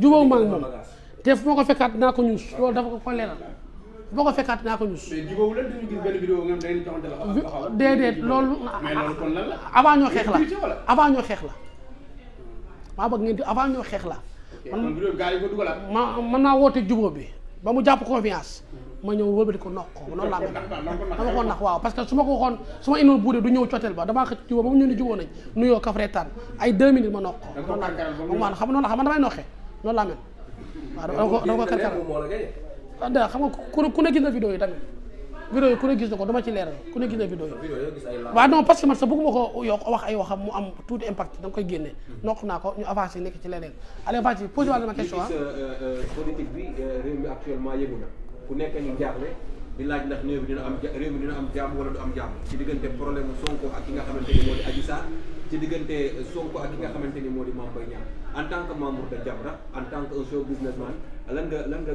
jubóo ma ak moom te fu ko fekkaat naa ko ñuus loolu dafa ko ko ko fekkaat naa ko ñuus. mais la. déedéet loolu. mais loolu kon xeex la avant ñoo xeex la maa bëgg ngeen di avant ñoo xeex la. man ma mën naa woote jubóo bi ba mu jàpp confiance. ma ñëw wëlbati ko noq ko noonu laa mel dama ko nax waaw parce que su ma ko waxoon su ma indoon buudee du ñëw coteel ba damaa xëcc jubóo ba mu ñëw ni jubóo nañ nuyoo kafretaan ay deux ma noq xam noonu la xam man damay noqee noonu laa mel. waaw dama ko dama ko ah, da xam nga ku ku ne gis na vidéo yi tamit vidéo yi ku ne gis na ko dama ci leeral ku ne gis na vidéo yi waaw non parce man sax bëgguma ko yokk wax ay waxam mu am tuuti impact danga koy génne hmm. nokk naa ko ñu avancé nekk ci leneen allez vas-y posé wàllu ma question euh, euh, politique bi euh, réew mi actuellement yëgu na ku nekk ñu jaaxle di laaj ndax réew mi dina am réew mi dina am jàmm wala du am jàmm ci nga xamante ni moo di Adji Sarr ci tant membre de Jamra en tant que un show businessman lan nga lan nga a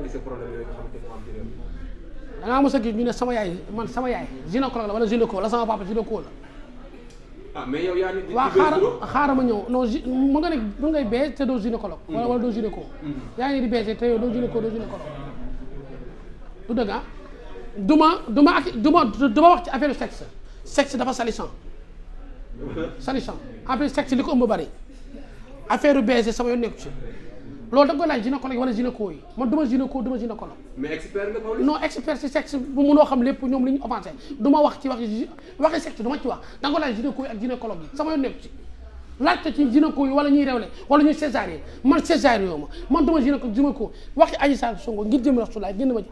gis ñu ne sama yaay man sama yaay gynécologue la wala gynéco la sama papa gynéco la ah, mais yow yaa nit waaw xaaral ma ñëw non gi mën nga ne mën ngay bee te doo gynécologue wala wala doo mm-hmm. yaa ngi di bee te yow doo gynéco doo gynécologue du dëgg ah du duma du ma ak du ma du ma wax ci affaire sexe sexe dafa salissant salissant affaire sexe li ko ëmb bari affaire baiser sama yoon nekku ci loolu da nga koy laaj gynécologue wala gynéco yi man du ma gynéco du ma gynécologue mais expert nga Pawlish non expert si sexe bu mënoo xam lépp ñoom li ñu offensé du ma wax ci wax waxi sexe du ma ci wax da nga koy laaj gynéco yi ak gynécologue yi sama yoon nekku ci laajte ci gynéco yi wala ñuy rewle wala ñuy césarienne man césarienne yow ma man duma gynéco gynéco wax ci Adji Sarr Sonko ngir jëm Rasulullah génn ma ci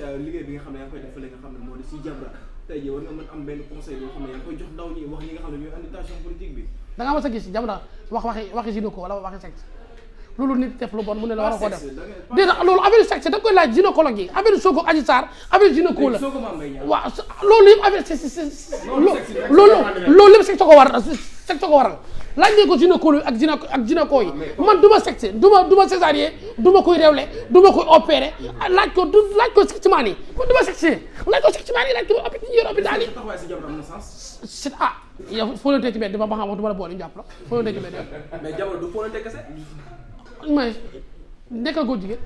euh, moo di si Jamra war nga mën am benn conseil boo xam ne yaa ngi koy jox ndaw ñi wax ñi nga xam ne ñooy agitation politique bi da nga mas a gis Jamra wax waxi waxi gynéco wala waxi sexe loolu nit te lu bon mu ne la war a ko def dina loolu affaire sexe da nga koy laaj gynécologue yi affaire soo ko Adji Sarr affaire gynéco la ko war sexe ko ak gynéco ak ah, man du ma sexe du ma du ma césarier du ma koy réewle du ma koy opéré ah, laaj ko du laaj ko sexe man yi man du ma sexe laaj ko sexe man yi laaj ko yor hôpital yi c'est ah yow fóonante ci mbedd ba xam duma la boole ñu jàpp la fóonante ci mbedd mais jabar du fóonante kese mais nekkal góor jigéen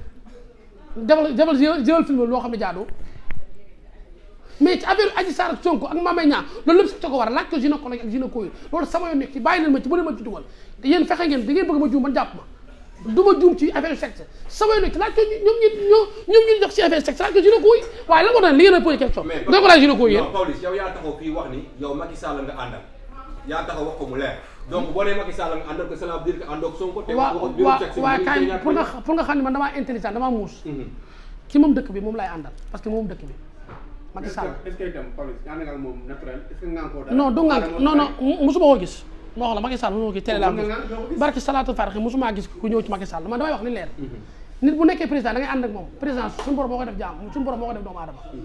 defal defal jëlal film loo xam ne jaadoo mais ci affaire Adji Sarr ak Sonko ak Mame Mbaye loolu lépp sax ko war a laaj ko gynécologue ak gynéco yi loolu sama yoon nekk ci bàyyi leen ma ci bu ma ci ma juum ma du ma juum ci affaire sexe sama yoon nekk laaj ko ñoom ñu ñoom ñu jox ci affaire sexe laaj ko gynéco yi waaye la moo tax li ngeen a posé question doo ko laaj gynéco yi yéen Pawlish yow yaa taxaw fii wax ni yow Macky Sall nga àndal yaa taxaw wax donc boo nee Macky Sall nga àndal ko pour nga xam ne man damaa intelligent damaa muus. Mhm. ki moom dëkk bi moom lay àndal parce que moom dëkk bi. Macky Sall est ce que itam ma wax la Macky ko gis télé laa gis barki gis ku ñëw ci Macky man damay wax ni leer. Mhm. nit bu nekkee président da ànd moom président suñu borom moo koy def jaam suñu borom moo koy def doomu aadama. Mhm.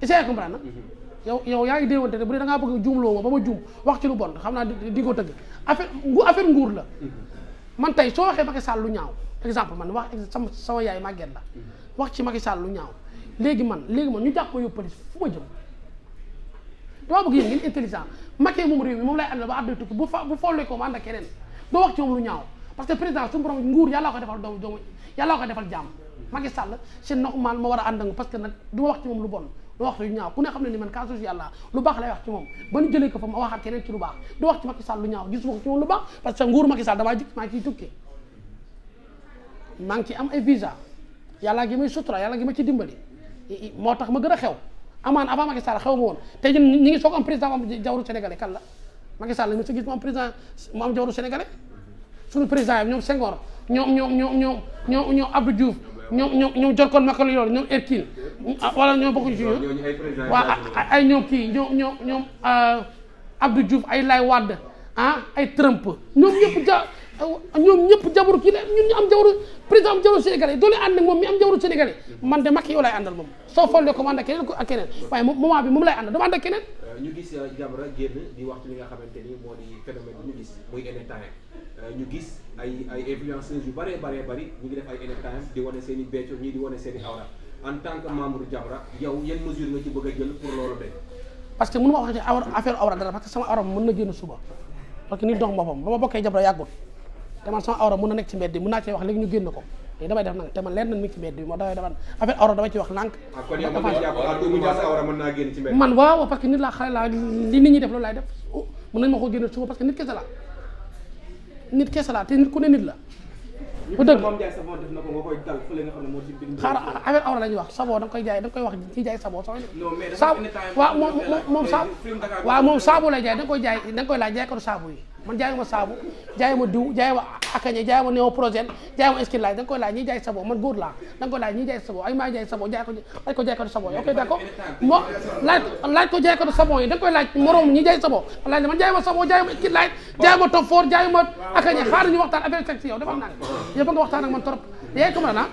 est ce yow yow yaa ngi déewante ne bu dee da ngaa bëgg juumloo ma ba ma juum wax ci lu bon xam naa di ko tëgg affaire bu affaire nguur la man tey soo waxee Macky Sall lu ñaaw exemple man wax sama sama yaay màgget la wax ci Macky Sall lu ñaaw léegi man léegi man ñu jàpp ma yóbbu police fu ma jëm dama bëgg yéen ngeen intelligent Macky moom réew mi moom lay ànd ba àdduna bu fa bu follee ko ma ànd ak wax ci moom lu parce que président suñu borom nguur yàlla ko defal doomu doomu yàlla ko defal jàmm Macky Sall c'est normal ma war a ànd ak parce que nag du wax ci moom lu bon du wax lu ñaaw ku ne xam ne ni man kasu yàlla lu baax lay wax ci moom ba ñu jëlee ko fa ma waxaat keneen ci lu baax du wax ci Macky Sall lu ñaaw gisuma ko ci moom lu baax parce maa ngi ci am ay visa yàlla may sutura yàlla gi ma ci dimbali moo tax ma gën a xew amaan avant Macky Sall xew ma woon te ñun ñi ngi soog am président am jawru sénégalais kan la Macky Sall mu sa gis mu am président mu am jawru sénégalais su président yi ñoom Senghor ñoom ñoom ñoom ñoom ñoom ñoom Abdou Diouf ñoom ñoom ñoom Jorkon Makalo yor ñoom Hercule wala ñoom bokkuñu ci ñoom waaw ay ñoom kii ñoom ñoom ñoom Abdou Diouf ay Lay Wade ah ay Trump ñoom ñëpp ja ñoom ñëpp jabaru kii la ñun ñu am jabaru président am jabaru sénégalais doole ànd nag moom mi am jabaru sénégalais man de Macky yow laay àndal moom soo fondé ko ma ànd ak keneen ak keneen waaye moment bi moom laay àndal dama ànd ak keneen euh, ñu gis euh, Jamra génn di wax ci li nga xamante ni moo di phénomène bi ñu gis muy anytime euh, ñu gis ay ay influenceurs yu bëree bëree bëri ñu ngi def ay anytime di wane seen i becco ñii di wane seen i awra en tant que membre Jamra yow yan mesure nga ci bëgg a jël pour loolu de parce que mënu ma wax ci awra affaire awra dara parce que sama awra mën na génn suba parce que nit dox boppam ba ma bokkee Jamra yàggut te man sama awra mën na nekk ci mbedd bi mën naa cee wax léegi ñu génn ko damay def nag te man leen nag mi ci mbedd bi damay deman en fait man waaw parce nit laa xale laa li nit ñi def loolu laay def oh, mën nañ ma ko génn suba parce nit kese la nit kese la te nit ku ne nit la xaaral affaire awra la wax savon da koy jaay da nga koy wax ci jaay savon sooy saabu waaw moom moom saabu waaw moom saabu lay jaay da koy jaay da nga koy laaj jaaykatu saabu yi man jaayuma saabu jaayuma diw jaayuma akañe jaayuma néoprosène jaayuma eskil laay da nga koy laaj ñiy jaay laa da nga koy laaj ñiy jaay saboo ay maa jaay saboo jaay ko ko jaaykatu saboo yi ok ko laaj moroom ñi jaay saboo laaj man jaayuma saboo jaayuma eskil laay jaayuma top foor jaayuma akañe xaar ñu waxtaan affaire sexe yow dafa am man trop yaay comme na ah?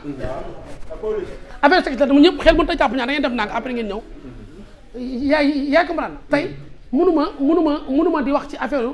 affaire sexe la dama ñëpp xel mënu ta jàpp ñaar da ngeen def nang après mënuma di wax ci affaire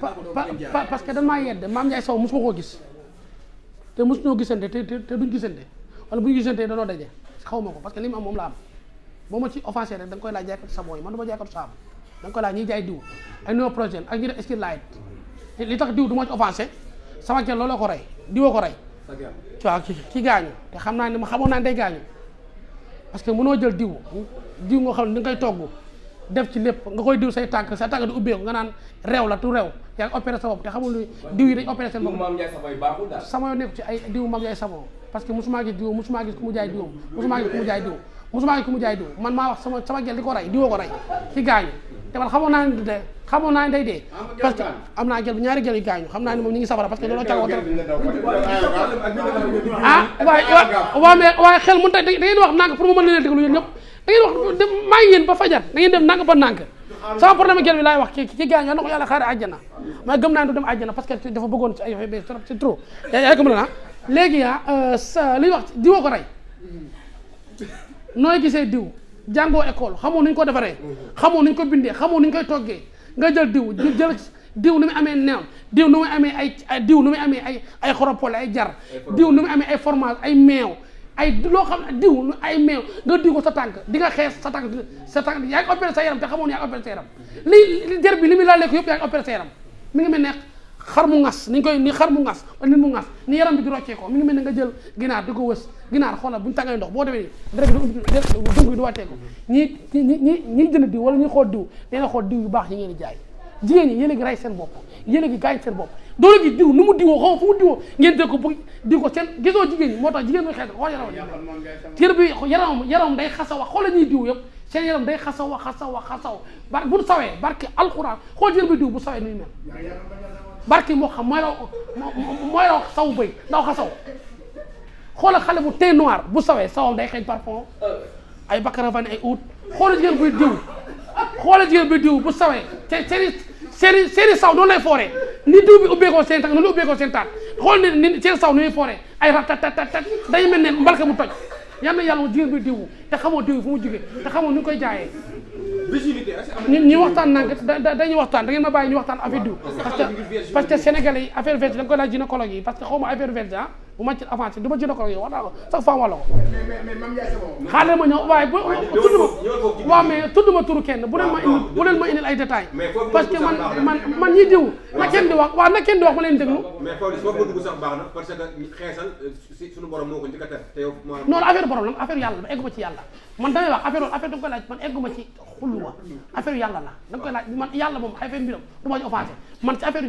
parce que dañ maa yedd maam Ndiaye Sow mosuma koo gis te mosuñoo gisante te te duñ gisante wala bu ñu gisante danoo daje ko parce que li mu am moom la am boo ma da nga koy laaj jaaykatu savon yi man du ma jaaykatu saabu da nga jaay diw ay no projet ak ñi def style light li tax diw du ma ci offensé sama jël looloo ko rey diwoo ko rey waaw ci ci gaañu te xam naa ne ma xamoon naa ne day gaañu parce que mënoo jël diw diw nga xam ne di koy togg def ci lépp nga koy diw say tànk sa tànk di ubbeeku nga naan réew la tu réew yaa ngi opéré sa sama yoon nekku ci ay diw man maa wax sama sama gel di ko rey diwoo ko rey ci gaañu te man xamoon naa ne de xamoon naa dee parce naa xam naa ne moom ñu ngi safara parce que looloo cagoo ah waaye waaw xel mën ta da ngeen wax nanga pour mu mën leen déglu ñëpp da ngeen wax de maa ngi yéen ba fajar da ngeen def nànk ba nànk sama problème ak bi laay wax ci ci gaañ yal na ko yàlla xaare àjjana mais gëm naa du dem àjjana parce que dafa bëggoon ci ay yoxe ba yaay comme la naa léegi yaa ah, euh, sa li wax diwoo ko rey nooy gisee diw jàngoo école xamoo nuñ ko defaree xamoo nuñ ko bindee xamoo nuñ koy toggee nga jël diw jël diw nu muy amee neew diw nu muy amee ay diw nu muy amee ay ay xoropole ay jar diw nu muy amee ay fromage ay meew ay loo xam diw lu ay meew nga diw ko sa tànk di nga xees sa tànk sa tànk yaa ngi sa yaram te xamoon yaa ngi opéré sa yaram li der bi li muy laal ko yëpp yaa ngi sa yaram mi ngi mel ne xar mu ngas ni ñu koy ni xar mu ngas nit mu ngas ni yaram bi di roccee ko mi ngi mel ne nga jël ginaar di ko wës ginaar xoolal bu ñu tàngalee ndox boo demee deret bi dënk bi du wàccee ko ñi ñi ñi ñiy jënd diw wala ñuy koo diw nee na xool diw yu baax yi ngeen di jaay jigéen ñi yéen a ngi rey seen bopp yéen a ngi gaañ seen bopp doole ji diw nu mu diwoo xaw fu mu diwoo ngeen dégg ko bu di ko seen gisoo jigéen ñi moo tax jigéen ñi xeet xool yaram cër bi yaram yaram day xasaw wax xool la ñuy diw yëpp seen yaram day xasaw wax xasaw wax xasaw bar bu sawee barke alxuraan xool cër bi diw bu sawee nuy mel barke moo xam mooy raw mooy raw saw bëy daw xasaw xoola xale bu teint noir bu sawee sawam day xeeñ parfum ay ay uut xoola jigéen buy diw xoola jigéen bu sawee te seeni seeni seeni saw noonu lay fooree ni diw bi ubbeekoo seen taat noonu la ubbeekoo seen taat xool ne ni seen saw nuy foore ay rat tat tat tat day mel ne mbalka mu toj yal na yàlla mu jigéen bi diw te xamoo diw fu mu jógee te xamoo nu koy jaayee ñu waxtaan nag dañuy waxtaan da ngeen ma bàyyi ñu waxtaan affaire diw parce que parce yi affaire verte da koy laaj gynécologue yi parce que xaw ma affaire ah. bu ma ci avancé du ma ci d'accord yow wax naa ko sax femme wala ko. xaaral ma ñëw waaye bu tudd ma turu kenn bu leen ma ah, indi bu leen ma indil parce que man man diw na kenn di wax waaw na kenn di wax ma leen déglu. Euh, borom a def la affaire yàlla ba eggu ma ci yàlla man damay wax affaire affaire da nga koy laaj man eggu ma ci xulluwa affaire yàlla la da koy laaj man yàlla moom affaire mbiram du ma ci offensé man ci affaire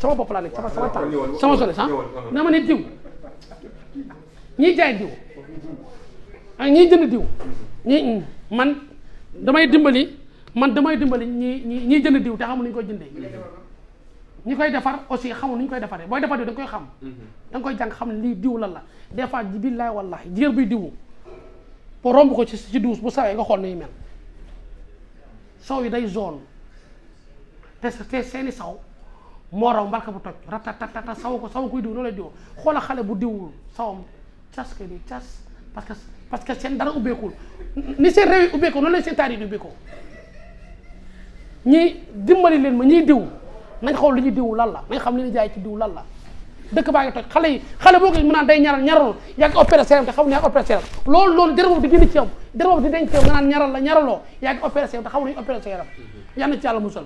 sama bopp laa sama sama ah, temps sax ah. dama ne diw ñiy jaay diw ak ñiy jënd diw ñi man damay dimbali man damay dimbali ñi ñi ñiy jënd diw te xamul ñu koy jëndee ñu koy defar aussi xamul nu ñu koy defaree booy defar diw da koy xam da koy jàng xam ne lii diw lan la des fois billaay wallaay jigéen buy diwu pour romb ko ci ci duus bu sawee nga xool nuy mel soow yi day zone te te seeni saw moo raw mbalka bu toj ratatatata saw ko saw koy diw noonu lay diwoo xoola xale bu diwul sawam cas kay nii cas parce que parce que seen dara ubbeekul ni seen réew yi ubbeekoo noonu lañ seen taar yi di ubbeekoo ñi dimbali leen ma ñiy diw nañ xool li ñuy diw lan la nañ xam li ñuy jaay ci diw lan la dëkk baa ngi toj xale yi xale boo ko mu naan day ñaral ñaral yaa ngi opéré seeram te xam ne yaa ngi seeram loolu loolu dër boobu di génn ci yow dër boobu di ñaral la ñaraloo yaa ngi opéré seeram te xam ne opéré seeram yal na ci yàlla musal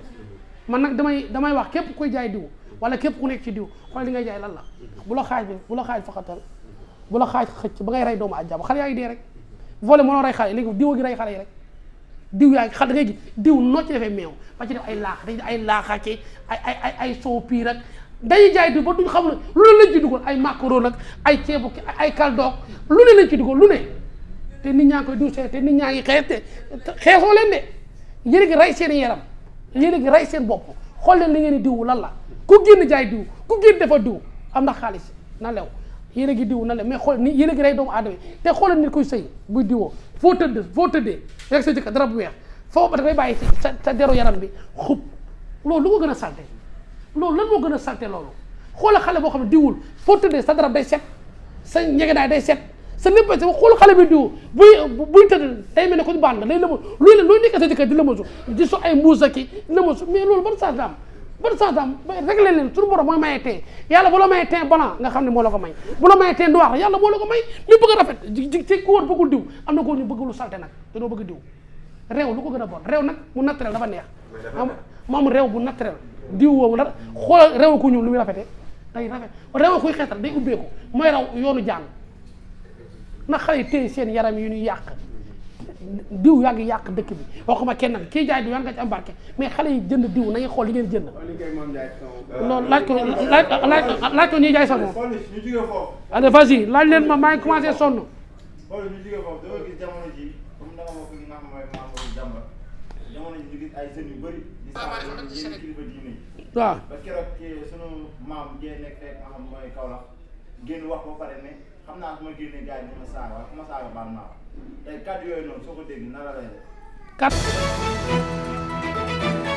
man nag damay damay wax képp koy jaay diw wala képp ku nekk ci diw xool li ngay jaay lan la bu la xaaj bi bu la xaaj faxatal bu la xaaj xëcc ba ngay rey doomu ajjaba xale yaa ngi dee rek volé mënoo rey xale yi léegi diw a ngi rey rek diw yaa ngi xal da ngay gis diw noo ci defee meew ba ci def ay laax dañ ay laaxa ki ay ay ay ay soow piir ak dañuy jaay diw ba duñ xam ne lu ne lañ ci dugal ay macaron ak ay ceebu ay kaldoog lu ne lañ ci dugal lu ne te nit ñaa ngi koy diw see te nit ñaa ngi xees te xeesoo leen de yëri ngi rey seen yaram yéen a ngi rey seen bopp xool leen li ngeen di diw lan la ku génn jaay diw ku génn dafa diw am na xaalis na lew yéen a ngi na lew mais xool yéen a ngi rey doomu aadama te xoolal nit koy sëy bu diwoo foo tëdd foo tëddee rek sa jëkk darab bu weex foo ba dafay bàyyi sa sa deru yaram bi xub loolu lu ko gën a salte loolu lan moo gën a salte loolu xoola xale boo xam ne diwul foo tëddee sa darab day set sa ñegedaay day set sa lépp sa xool xale bi diw buy buy tëdd day mel ne ko ñu baax na day lëma luy looy nekk sa jëkkër di lëmasu di so ay mbuusa ki lëmasu mais loolu ban sens la am ban sens la am leen suñu borom mooy maye tee yàlla bu la maye tee blanc nga xam ne moo la ko may bu la maye tee noir yàlla moo la ko may ñu bëgg a rafet ji ci ku wër bëggul diw am na ko ñu bëgg lu salte nag dañoo bëgg diw réew lu ko gën a bon réew nag mu naturel dafa neex moom réew bu naturel diw xoolal réew ku ñuul lu muy rafetee day rafet réew kuy xeetal day ubbeeku mooy raw yoonu jàng na xale yi téye seen yaram yu ñuy yàq diw yaa ngi yàq dëkk bi waxuma kenn nag kii jaay diw yaa ngi ci embarqué xale yi jënd diw nañu xool yi ngeen jënd. loolu laaj ko laaj laaj laaj ko ñuy jaay sa moom. allez vas-y laaj leen ma maa ngi commencé sonn. xool ñu ji comme da nga ay jeunes yu bëri di ah, sa yéen kilifa diine yi xam naa su ma génnee gars ma saaga waaye ma saaga baal naa ko tey kàddu yooyu noonu soo ko dégg nara lay